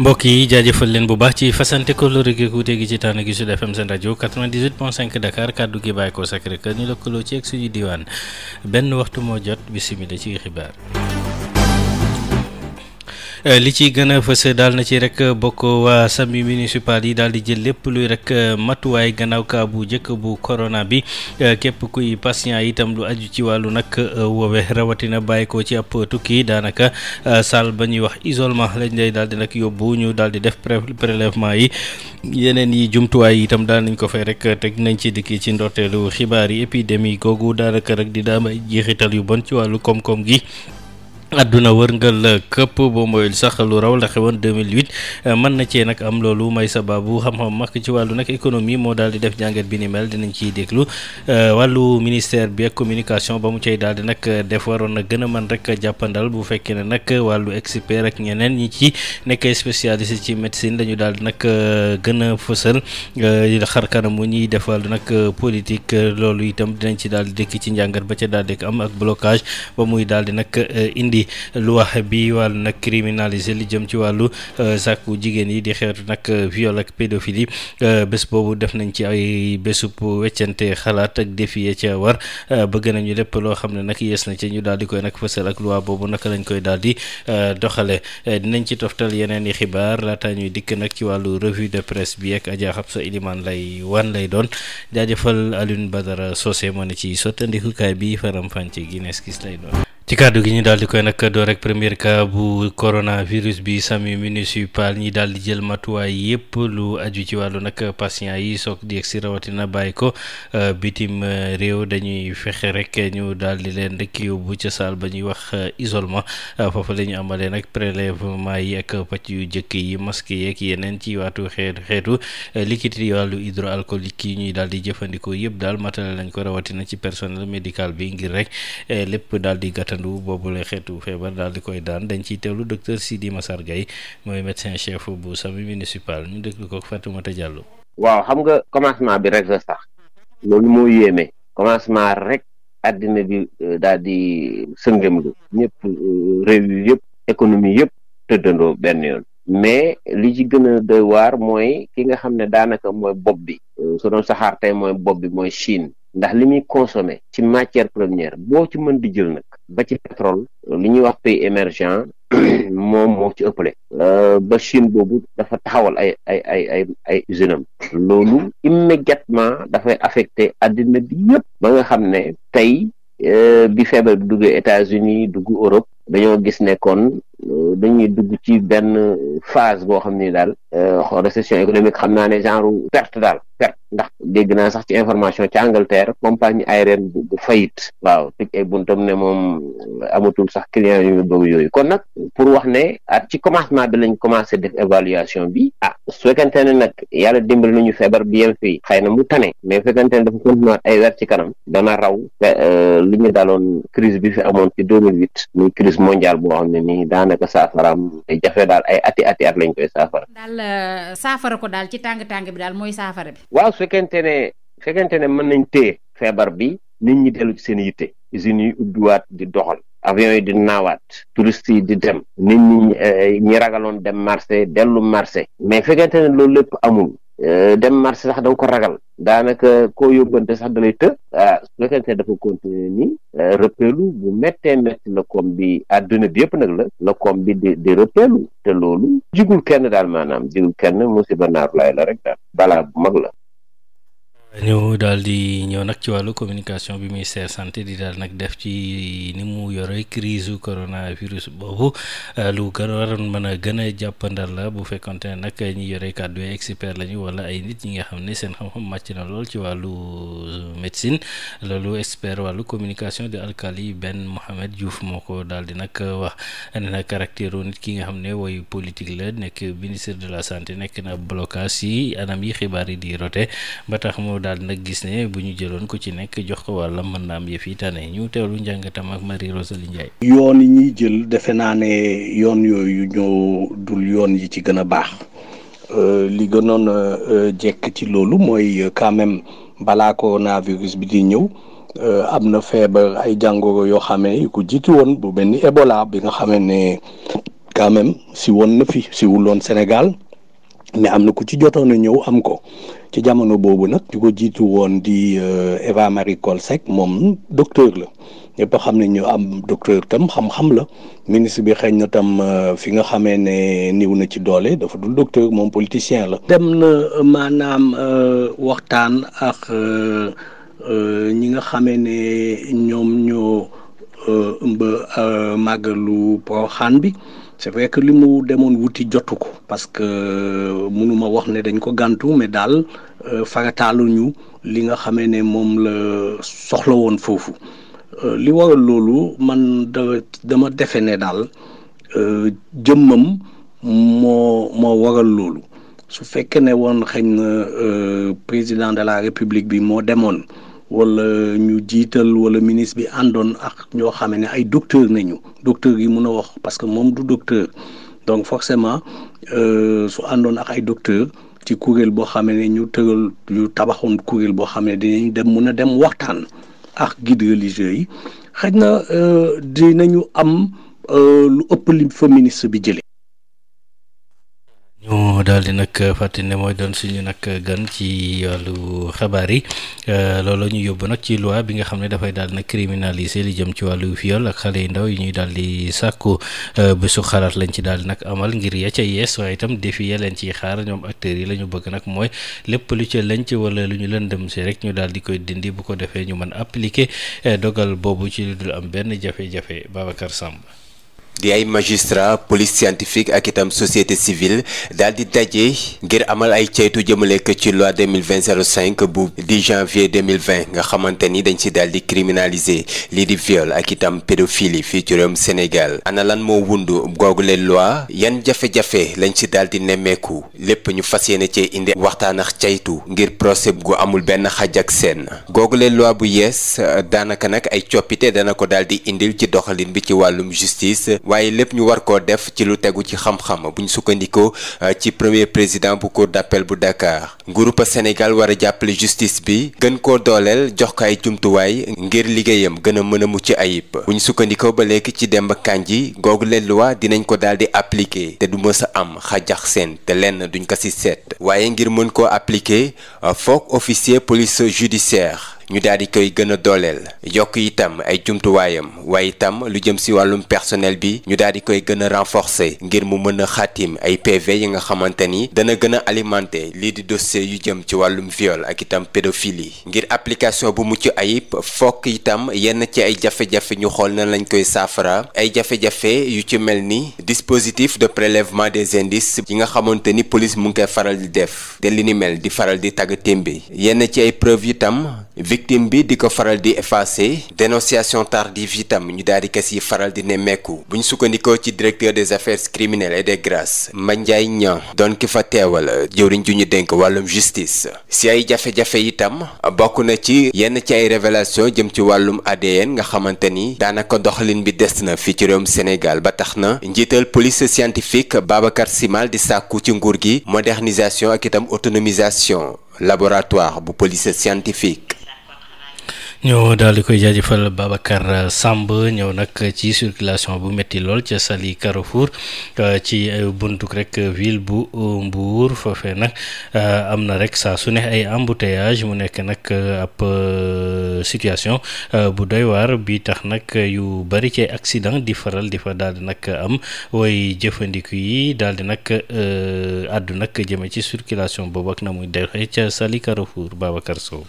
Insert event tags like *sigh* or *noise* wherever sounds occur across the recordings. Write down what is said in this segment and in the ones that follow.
mbokk yi jaajëfal leen bu baax ci fasante kóllëre gi wuute gi ci tànn gi Sud FM seen Dakar kàddu gi bàyyi ko Sacré Cœur ñu lëkkaloo ci ak suñu diwaan benn waxtu moo jot bisimila ci xibaar Euh, li ci gën a fës daal na ci rek bokk waa sami municipal yi daal di jël lépp luy rek euh, matuwaay gannaaw kaa bu njëkk bu korona bi euh, képp kuy patient itam lu aju ci wàllu nag woowe rawatina bàyyi ko ci ab tukki daanaka salle ba ñuy wax isolement lañ lay daal di yóbbu ñu daal di def prélèvement yi yeneen yi jumtuwaay yi itam daal nañ ko fay rek teg nañ ci dikki ci ndorteelu xibaar yi épidémie googu daanaka rek di daamay jeexital yu bon ci wàllu koom-koom gi àdduna wërngal euh, këpp boo mooyul sax lu raw la xewoon 2008 euh, mën na cee nag am loolu may sababu xam-xam mag ci wàllu nag économie moo daal di def jàngat bi ni mel dinañ ciy déglu euh, wàllu ministère bi ak communication ba mu cay daal di nag def waroon na gën a mën rek jàppandal bu fekkee ne nag wàllu expert ak ñeneen ñi ci nekk spécialiste ci médecine dañu daal di nag gën a fësal xar kanamu ñuy def wàllu nag politique loolu itam dinañ ci daal di dëkk ci njàngat ba ca daal di am ak blocage lu loi bi wàll nag criminaliser li jëm ci wàllu euh, sàkku jigéen yi di xeetu nag viol ak pédophilie euh, bés boobu def nañ ci ay bésub weccante xalaat ak défi ca war euh, bëgg nañu lépp loo xam ne nag yees na ci ñu daal di koy nag fësal ak loi boobu naka lañ koy daal di doxale dinañ ci toftal yeneen i xibaar laataa ñuy dikk nag ci wàllu revue de presse bi ak Adja sa Iliman lay wan lay doon jaajëfal Alioune Badara Socé moo ne ci sottandikukaay bi faram-fànce Guinness gis lay doon ci kàddu gi ñu daal di koy nag door rek premier cas bu coronavirus bi SAMU municipal ñi daal di jël matuwaay yëpp lu aju ci wàllu nag patient yi soog di yegg si rawatina bàyyi ko euh, bitim euh, réew dañuy fexe rek ñu daal di leen rek yóbbu ca saal ba ñuy wax euh, isolement foofu la ñu nak nag prélèvement yi ak pàcc yu jëkk yi masque yeeg yeneen ci waatu xeetu xeetu liquide yi wàllu hydroalcoolique yi ñuy daal di jëfandikoo yëpp daal matale lañ ko rawatina ci personnel médical bi ngir rek lépp daal di gàttan moytandu boobule xeetu feebar daal di koy daan dañ ciy teewlu docteur Sidi Massar Gueye mooy médecin chef bu SAMU municipal ñu déglu ko Fatoumata Diallo. waaw xam nga commencement bi rek la sax loolu moo yéeme commencement rek àddina bi euh, daal di euh, sëngëm lu ñëpp euh, réew yi yëpp économie yëpp tëddandoo benn yoon. mais li ci gën a doy waar mooy ki nga xam ne daanaka mooy bopp bi euh, su doon saxaar tey mooy bopp bi mooy Chine ndax li muy consommé ci matière première boo ci mën di jël nag ba ci pétrole li ñuy wax pays émergent *clears throat* moom moo ci ëppale euh, ba Chine boobu dafa taxawal ay ay ay ay ay usine am loolu immédiatement dafay affecté àddina bi yëpp ba nga xam ne tey euh, bi feebar bi duggee États-Unis dugg Europe dañoo gis ne kon Euh, dañuy dugg ci benn euh, phase boo xam ni daal euh, récession économique xam naa ne genre perte daal perte ndax dégg naa sax ci information ci Angleterre compagnie aérienne bu fayit waaw tëj ay buntam ne moom amatul sax client yu boobu yooyu kon nag pour wax ne at ah, ci commencement bi lañ commencé def évaluation bi ah su fekkente ne nag yàlla dimbali nañu feebar bi yem fii xëy na mu tane mais fekkente ne dafa continuer ay weer ci kanam dana raw euh, li ñu daloon crise bi fi amoon ci deux mille huit muy crise mondiale boo xam ne nii daanaka saafaraam ay jafe daal ay ati ati at lañ koy saafara. daal euh, saafara ko daal ci tàng tàng bi daal mooy saafara bi. waaw su fekkente ne fekkente ne mën nañ téye feebar bi nit ñi dellu ci seen yitte. usines yi di doxal avions yi di naawaat touristes yi di dem nit ñi eh, ñi ragaloon dem marché dellu marché mais fekkente ne loolu lépp amul eh, dem marché sax da ko ragal daanaka koo yóbbante sax da lay të ah dafa continuer ni eh, rëppeelu bu méttee métti la koom bi àdduna bi yëpp nag la la koom bi di di te loolu jigul kenn daal maanaam jigul kenn musiba naaru laay la rek daal balaa bu mag la ñu daal di ñëw nag ci wàllu communication bi ministère santé di daal nag def ci ni mu yore crise coronavirus boobu euh, lu gën waroon mën a gën a jàppandal la bu fekkonte ne nag ñi yore kàddu expert lañu wala ay nit ñi nga xam ne seen xam-xam màcc na lool ci wàllu euh, médecine lalu expert wàllu communication de alkali benn Mohamed Diouf moo ko daal di nag wax ne na caractéru nit ki nga xam ne woyu politique la nekk ministre de la santé nekk na blocage yi anam yi xibaar yi di daal nag gis ne bu ñu jëloon ku ci nekk jox ko wàllam mën naa am yëf yi tane ñu teewlu njàngatam ak Marie Rosalie Ndiaye. yoon yi ñuy jël defe naa ne yoon yooyu ñu dul yoon yi ci gën a baax euh, li gënoon euh, jekk ci loolu mooy euh, quand même balaa coronavirus bi di ñëw. am na feebar ay jàngooro yoo xamee ku jiitu woon bu benn Ebola bi nga xamee ne quand même si woon na fi si wuloon Sénégal mais am na ku ci jotoon a ñëw am ko ci jamono boobu nag ñu ko jiitu woon di euh, Eva Marie Coll Seck moom docteur la ñëpp xam ne ñu am docteur tam xam-xam la ministre bi xëy na tam euh, fi nga xamee ne niw na ci doole dafa dul docteur moom politicien la. dem na euh, maanaam waxtaan ak ñi nga xamee ne ñoom ñoo mba màggalu Porokhane bi. c'est vrai que li mu demoon wuti jotu ko parce que euh, mënuma wax ne dañ ko gàntu mais daal euh, ñu li nga xamee ne moom la soxla woon foofu euh, li waral loolu man dama defe ne daal jëmmam moo moo waral loolu su fekkee ne woon xëy na président de la république bi moo demoon wala ñu jiital wala ministre bi àndoon ak ñoo xam ne ay docteur nañu docteur yi mun a wax parce que moom du docteur donc forcément euh, su àndoon ak ay docteur ci kuréel boo xam ne ñu tëral ñu tabaxoon kuréel boo xam ne dinañ dem mun a dem waxtaan ak guide religieux yi xëy na euh, dinañu am euh, lu ëpp li fa ministre bi jëlee. ñoo daal di nag fàttali ne mooy doon suñu nag gan ci wàllu xabaar yi euh, looloo ñu yóbbu nag ci loi bi nga xam ne dafay daal nag criminaliser li jëm ci wàllu viol ak xale yu ndaw yi ñuy daal di sàkku euh, bésu xalaat lañ ci daal di nag amal ngir ya ca yees waaye itam défi ya leen ciy xaar ñoom acteurs yi la ñu bëgg nag mooy lépp lu ca lañ ci wala lu ñu leen dem rek ñu daal di koy dindi bu ko defee ñu mën appliquer euh, dogal boobu ci lu dul am benn jafe-jafe Babacar Samb. di ay magistrat police scientifique ak itam société civile daal di daje ngir amal ay ceytu jëmale ko ci loi 2020-05 bu 10 janvier 2020 nga xamante ni dañ ci daal di criminaliser lii di viol ak itam pédophilie fii ci réewum Sénégal ana lan moo wundu googule loi yan jafe-jafe lañ ci daal di nemmeeku lépp ñu fas yéene cee indi waxtaan ak ceytu ngir procès gu amul benn xaj ak seen googule loi bu yees daanaka nag ay coppite dana ko daal di indil ci doxalin bi ci wàllum justice waaye lépp ñu war koo def ci lu tegu ci xam-xam bu sukkandikoo euh, ci premier président bu cour d'appel bu Dakar groupe Sénégal war a jàppale justice bi gën koo dooleel jox ko ay jumtuwaay ngir liggéeyam gën a mën a mucc ayib bu ñu sukkandikoo ba léegi ci Demba Kandji googu leen loi dinañ ko daal di appliquer te du mës a am xajax seen te lenn duñ ko si seet waaye ngir mën koo appliquer euh, foog officier police judiciaire ñu daal di koy gën a dooleel yokk itam ay jumtuwaayam waaye itam lu jëm si wàllum personnel bi ñu daal di koy gën a renforcer ngir mu mën a xaatim ay PV yi nga xamante ni dana gën a alimenter lii di dossier yu jëm ci wàllum viol ak itam pédophilie ngir application bu mucc ayib fokk itam yenn ci ay jafe-jafe ñu xool na lañ koy saafara ay jafe-jafe yu ci mel ni dispositif de prélèvement des indices yi nga xamante ni police mu ngi koy faral di def te li ni mel di faral di tagg témbe yenn ci ay itam victime bi di ko faral di effacé dénonciation tardive itam ñu daal di kas yi faral di nemmeeku buñ sukkandikoo ci directeur des affaires criminelles et des grâces Mandiaye Niang doon ki fa teewal jëwriñ ju ñu dénk wàllum justice si ay jafe-jafe itam bokk na ci yenn ci ay révélation jëm ci wàllum ADN nga xamante ni daanaka doxalin bi des na fii ci réewum Sénégal ba tax na njiital police scientifique Babacar Simal di sàkku ci nguur gi modernisation ak itam autonomisation laboratoire bu police scientifique ñoo daal di koy jaajëfal Babacar Samb ñëw nag ci circulation bu métti lool ca Sali Carrefour euh, ci euh, buntuk rek ville bu euh, Mbour foofee nag am na rek saa su ne ay embouteillage mu nekk nag ab situation bu doy waar bi tax nag yu bari ci accident di faral di fa daal di nag am way jëfandiku yi daal di nag àddu nag jëme ci circulation boobu ak na muy dexe ca Sali Carrefour Babacar Sow.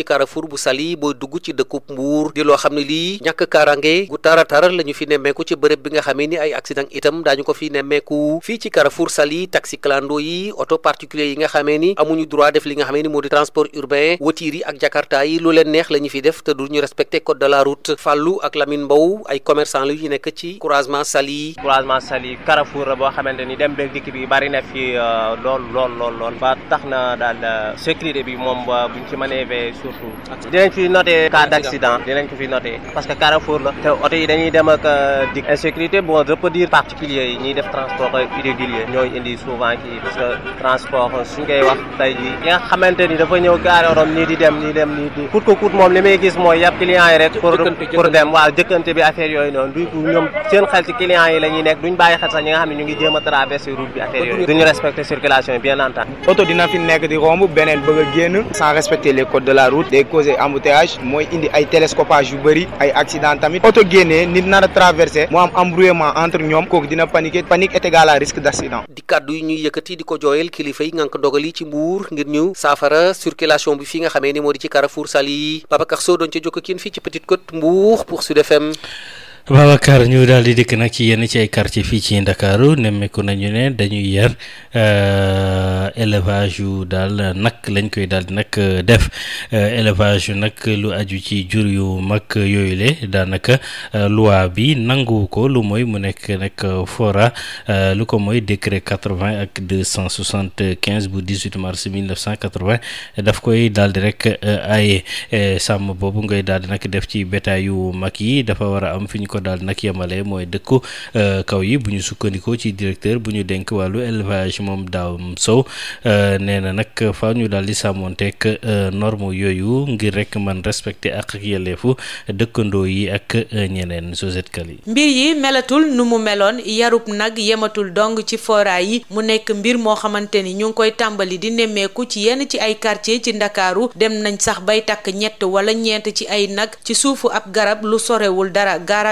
ci Carrefour bu Saly booy dugg ci dëkkub Mbour di loo xam ne lii ñàkk kaaraange gu tara tara la ñu fi nemmeeku ci bërëb bi nga xamee ni ay accident itam daañu ko fi nemmeeku fii ci Carrefour Saly taxi clando yi auto particulier yi nga xamee ni amuñu droit def li nga xamee ni moo di transport urbain watiir yi ak jakarta yi lu leen neex la ñu fi def te duñu respecté code de la route Fallou ak Lamine Mbow ay commerçant la yu nekk ci croisement Saly croisement Saly Carrefour la boo xamante ni dem beeg dikk bi bari na fi euh, lool lool lool lool ba tax na daal euh, sécurité bi moom euh, buñ ci manœuvre surtout. dinañ fi noté cas d' accident la te yi dañuy dem ak euh, dik insécurité bon je peux dire particulier yi ñuy def transport irrégulier ñooy indi souvent kii parce que transport euh, suñ koy wax tey jii yi xamante ni dafa ñëw gaare orom nii di dem kut ko kut moom li may gis mooy yàpp client yi rek pour dem waaw jëkkante bi affaire yooyu noonu du ñoom seen xel sax ñu ngi jéem a traversé bi affaire yooyu duñu respecté circulation bien entendu oto dina fi nekk route day causer mooy indi ay télescopage yu bëri ay accident tamit oto génnee nit nar traversé mu am embrouillement entre ñoom kooku dina paniquer panique est risque d' di kàddu yi ñuy yëkkati di ko jooyal kilifa yi ngànk dogal ci mbuur ngir ñu saafara circulation bi fi nga xamee ni moo di ci Carrefour Saly Babacar Sow doon ca jokk kiin ci Petite Côte Mbour pour Sud FM Babacar ñu daal di dikk nag ci yenn ci ay quartier fii ci Ndakaaru nemmeeku nañu ne dañuy yar euh, élevage yu daal nag lañ koy daal di nag euh, def euh, élevage yu nag lu aju ci jur yu mag yooyule le daanaka loi bi nangu ko lu mooy mu nekk nag fora lu ko mooy décret quatre-vingt ak deux cent soixante-quinze bu dix-huit mars mille neuf cent quatre-vingt daf koy daal di rek ay sàmm boobu ngay daal di def ci bétail yu mag yi dafa war am fi ko daal nag yemale mooy dëkku euh, kaw yi bu ñu sukkandikoo ci directeur bu ñu dénk wàllu élevage moom daaw sow euh, nee na nag fa ñu daal di sàmmonteeg euh, norme yooyu ngir rek man respecter ak ak yelleefu dëkkandoo yi ak ñeneen sociétal yi. mbir yi melatul nu mu meloon yarub nag yematul dong ci foraay yi mu nekk mbir moo xamante ni ñu ngi koy tàmbali di nemmeeku ci yenn ci ay quartier ci ndakaaru dem nañ sax bay takk ñett wala ñeent ci ay nag ci suufu ab garab lu sorewul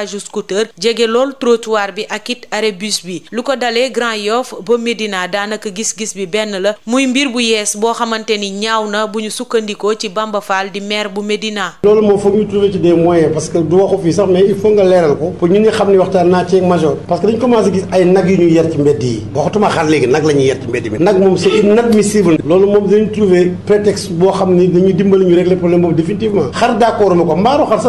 passage scooter jege lool trottoir bi ak it bi lu ko dalee Grand Yoff ba Médina daanaka gis-gis bi benn la muy mbir bu yees boo xamante ni ñaaw na bu ñu sukkandikoo ci Bamba Fall di maire bu Médina. loolu moom foog ñu trouver ci des moyens parce que du waxu fii sax mais il faut nga leeral ko pour ñun ñi xam ne waxtaan naa ceeg major parce que dañ commencé gis ay nag yu ñuy yar ci mbedd yi waxatuma xar léegi nag la ñuy yar ci mbedd mi nag moom c'est inadmissible loolu boo xam ni dañuy dimbali ñu régler problème boobu définitivement ma ko mbaaru xar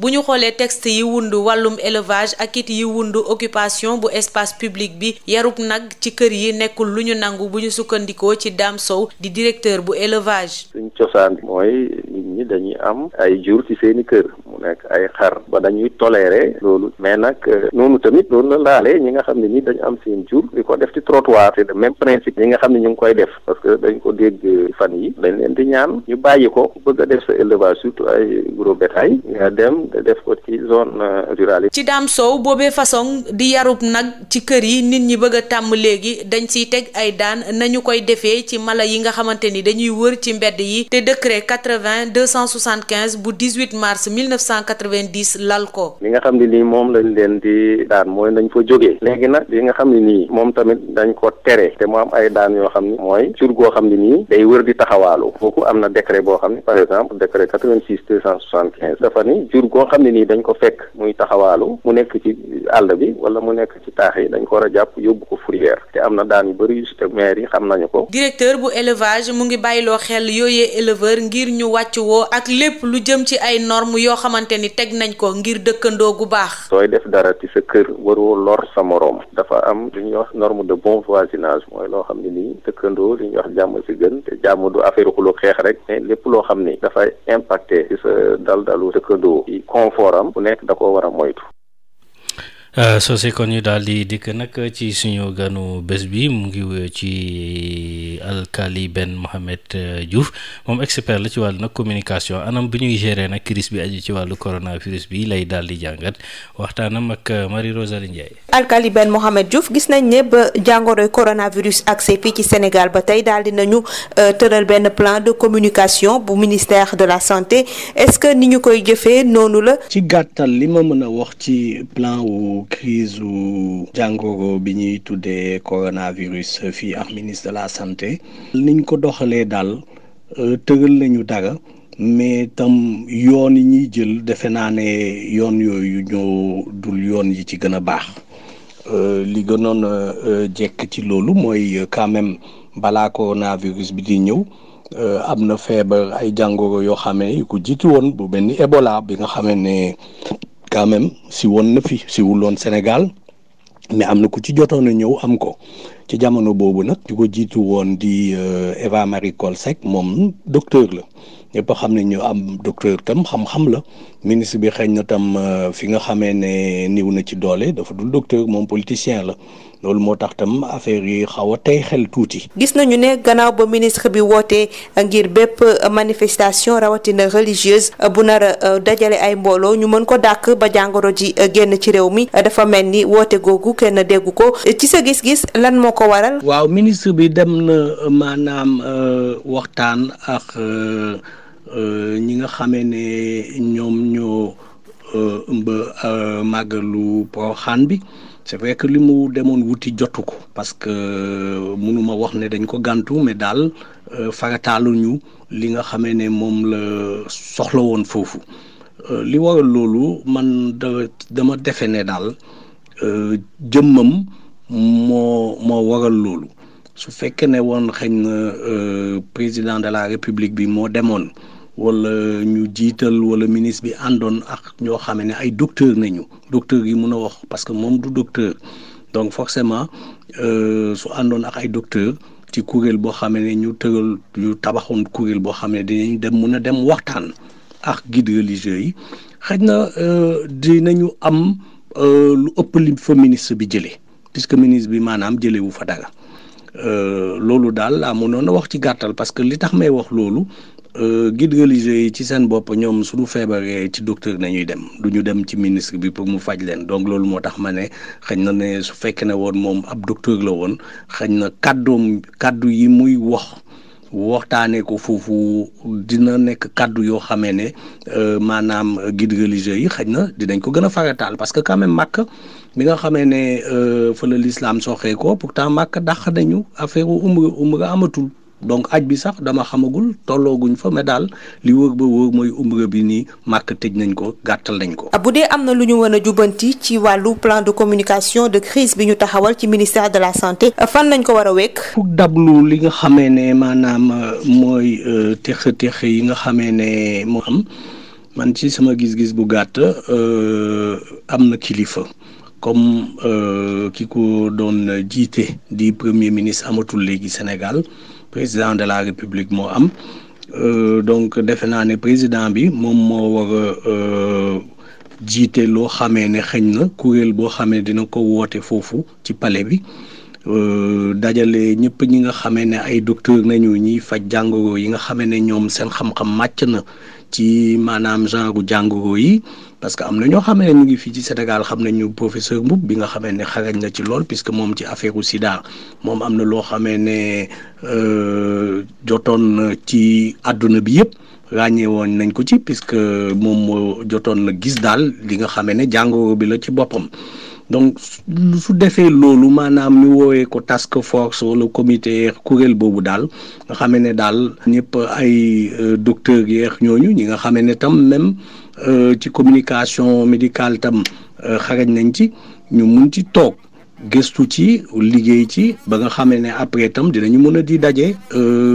bu ñu xoolee text yi wundu wàllum élevage ak it yi wundu occupation bu espace public bi yarub nag ci kër yi nekkul lu ñu nangu bu ñu sukkandikoo ci Dame Sow di directeur bu élevage. suñ cosaan mooy nit ñi dañuy am ay jur ci seeni kër. mu nekk ay xar ba dañuy toléré loolu mais nag euh, noonu tamit loolu la laalee ñi nga xam ne ni dañu am seen jur di ko def ci trottoir c'est le même principe ñi nga xam ne ñu ngi koy def parce que dañ ko dégg fan yi dañ leen di ñaan ñu bàyyi ko bëgg a def sa élevage surtout ay gros bétail nga dem def ko ci zone euh, rurale yi. ci Dame Sow boobee façon di yarub nag ci kër yi nit ñi bëgg a tàmm léegi dañ siy teg ay daan nañu koy defee ci mala yi nga xamante ni dañuy wër ci mbedd yi te décret 80 275 bu 1990 lal ko. li nga xam ne nii moom lañ leen di daan mooy nañ fa jógee léegi nag li nga xam ne nii moom tamit dañ ko tere te mu am ay daan yoo xam ne mooy jur goo xam ne nii day wër di taxawaalu foofu am na décret boo xam ne par exemple décret 86 275 dafa ni jur goo xam ne nii dañ ko fekk muy taxawaalu mu nekk ci àll bi wala mu nekk ci taax yi dañ ko war a jàpp yóbbu ko fourrière te am na daan yu bëri yu te maire yi xam nañu ko. directeur bu élevage mu ngi bàyyiloo xel yooyee éleveur ngir ñu wàcc woo ak lépp lu jëm xamante ni teg nañ ko ngir dëkkandoo gu baax. sooy def dara ci sa kër waroo lor sa moroom. dafa am lu ñuy wax norme de bon voisinage mooy loo xam ne nii dëkkandoo li ñuy wax jàmm si gën te jàmm du affaire xuloo xeex rek lépp loo xam ni dafay impacté ci sa dal dalu dëkkandoo. ci confort am ku nekk da ko war a moytu. Euh, Socé kon ñu daal di dikk nag ci suñu ganu bés bi mu ngi ci alkali Ben Mohamed euh, Diouf moom expert la ci wàllu nag communication anam bi ñuy gérer nag crise bi aju ci wàllu coronavirus bi lay daal di jàngat waxtaanam ak euh, Marie Rosalie Ndiaye. alkali Ben Mohamed Diouf gis nañ ne ba jàngoroy coronavirus accès fii ci Sénégal ba tey daal di nañu tëral benn plan de communication bu ministère de la santé est-ce que ni ñu koy jëfee noonu la. ci gàttal li ma mën a wax ci wu crise wu jàngoro bi ñuy tuddee coronavirus fii ak ministre de la santé niñ ko doxalee daal euh, tëral nañu dara mais tam yoon yi ñuy jël defe naa ne yoon yooyu ñoo dul yoon yi ci gën a baax euh, li gënoon euh, jekk ci loolu mooy quand même balaa coronavirus bi di ñëw am na feebar ay jàngoro yoo xam yu ko jiitu woon bu mel Ebola bi nga xam ne quand si woon na fi si wul woon Sénégal mais am na ku ci jotoon a ñëw am ko ci jamono boobu nag ñu ko jiitu woon di euh, Eva Marie Coll Seck moom docteur la ñëpp xam ne ñu am docteur tam xam-xam la ministre bi xëy na tam euh, fi nga xamee ne niw na ci doole dafa dul docteur moom politicien la loolu moo tax tam affaire yi xaw a tey xel tuuti. gis nañu ne gannaaw ba ministre bi wootee ngir bépp manifestation rawatina religieuse bu nar a euh, dajale ay mbooloo ñu mën ko dàkk ba jàngoro ji euh, génn ci réew mi euh, dafa mel ni woote googu kenn déggu ko ci sa gis-gis lan moo ko waral. waaw ministre bi dem na maanaam waxtaan ak. ñi nga xamee ne ñoom ñoo ëmb màggalu poroxaan bi c'est vrai que li mu demoon wuti jotu ko parce que euh, mënuma wax ne dañ ko gantu mais daal euh, farataaluñu li nga xame ne moom la soxla woon foofu euh, li waral loolu man dama defe ne daal jëmmam moo moo waral loolu su fekkee ne woon xëy na président de la république bi moo demoon wala ñu jiital wala ministre bi àndoon ak ñoo xam ne ay docteur nañu docteur yi mun a wax parce que moom du docteur donc forcément euh, su àndoon ak ay docteur ci kuréel boo xam ne ñu tëral ñu tabaxoon kuréel boo xam ne di dem mun a dem waxtaan ak guide religieux yi xëy na euh, dinañu am euh, lu ëpp li fa ministre bi jëlee puisque ministre bi maanaam jëlee fa dara loolu daal laa mënoon a wax ci gàttal parce que li tax may wax loolu Euh, guide religieux yi ci seen bopp ñoom suñu feebaree ci docteur nañuy dem du ñu dem ci ministre bi pour mu faj leen donc loolu moo tax ma ne xañ na ne su fekkee ne woon moom ab docteur la woon xañ na kàddoom kàddu yi muy wax waxtaanee ko foofu dina nekk kàddu yoo xamee ne euh, maanaam guide religieux yi xañ na dinañ ko gën a farataal parce que quand même mi nga xamee ne euh, fa la lislaam soxee ko pourtant màkk dàq nañu affaire umra umra amatul donc aj bi sax dama xamagul tollooguñ fa mais daal li wóor ba wóor mooy umra bi nii màkk tëj nañ ko gàttal nañ ko. Ah, bu dee am na lu ñu mën a jubanti ci wàllu plan de communication de crise bi ñu taxawal ci ministère de la santé fan nañ ko war a wekk. pour dablu li nga xamee ne maanaam euh, mooy euh, texe texe yi nga xamee ne moo am man ci sama gis-gis bu gàtt euh, am na kilifa. comme ki ko doon jiite di premier ministre amatul léegi Sénégal président de la république moo am euh, donc defe naa ne président bi moom moo war a euh, jiite loo xamee ne xëñ na kuréel boo xamee dina ko woote foofu ci pale bi Euh, dajale ñëpp ñi nga xamee ne ay docteur nañu ñiy faj jàngoro yi nga xamee ne ñoom seen xam-xam màcc na ci maanaam genre jàngoro yi parce que am na ñoo xamee ne ñu ngi fii ci Sénégal xam nañu professeur Mboup bi nga xamee ne xarañ na ci lool puisque moom ci affaire u sida moom am na loo xamee ne euh, jotoon ci àdduna bi yëpp ràññee woon nañ ko ci puisque moom moo jotoon na gis daal li nga xamee ne jàngoro bi la ci boppam donc su defee loolu maanaam ñu woowee ko task force wala comité kuréel boobu daal nga xamee ne daal ñëpp ay euh, docteurs yeex ñooñu ñi nga xamee ne tam même euh, ci communication médical tam euh, xarañ nañ ci ñu mun ci toog gëstu ci liggéey ci ba nga xamee ne après tam dinañu mën a di daje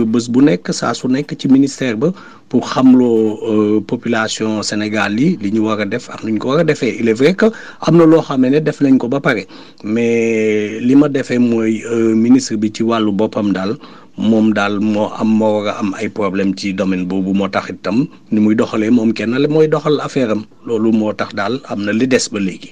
bés bu nekk saa su nekk ci ministère ba pour xam xamloo euh, population Sénégal yi li ñu war a def ak nu ñu ko war a defee il est vrai que am na loo xam ne def nañ ko ba pare mais li ma defee mooy euh, ministre bi ci wàllu boppam daal moom daal moo am moo war am ay problème ci domaine boobu moo tax itam ni muy doxalee moom kenn la mooy doxal affaire am loolu moo tax daal am na li des ba léegi.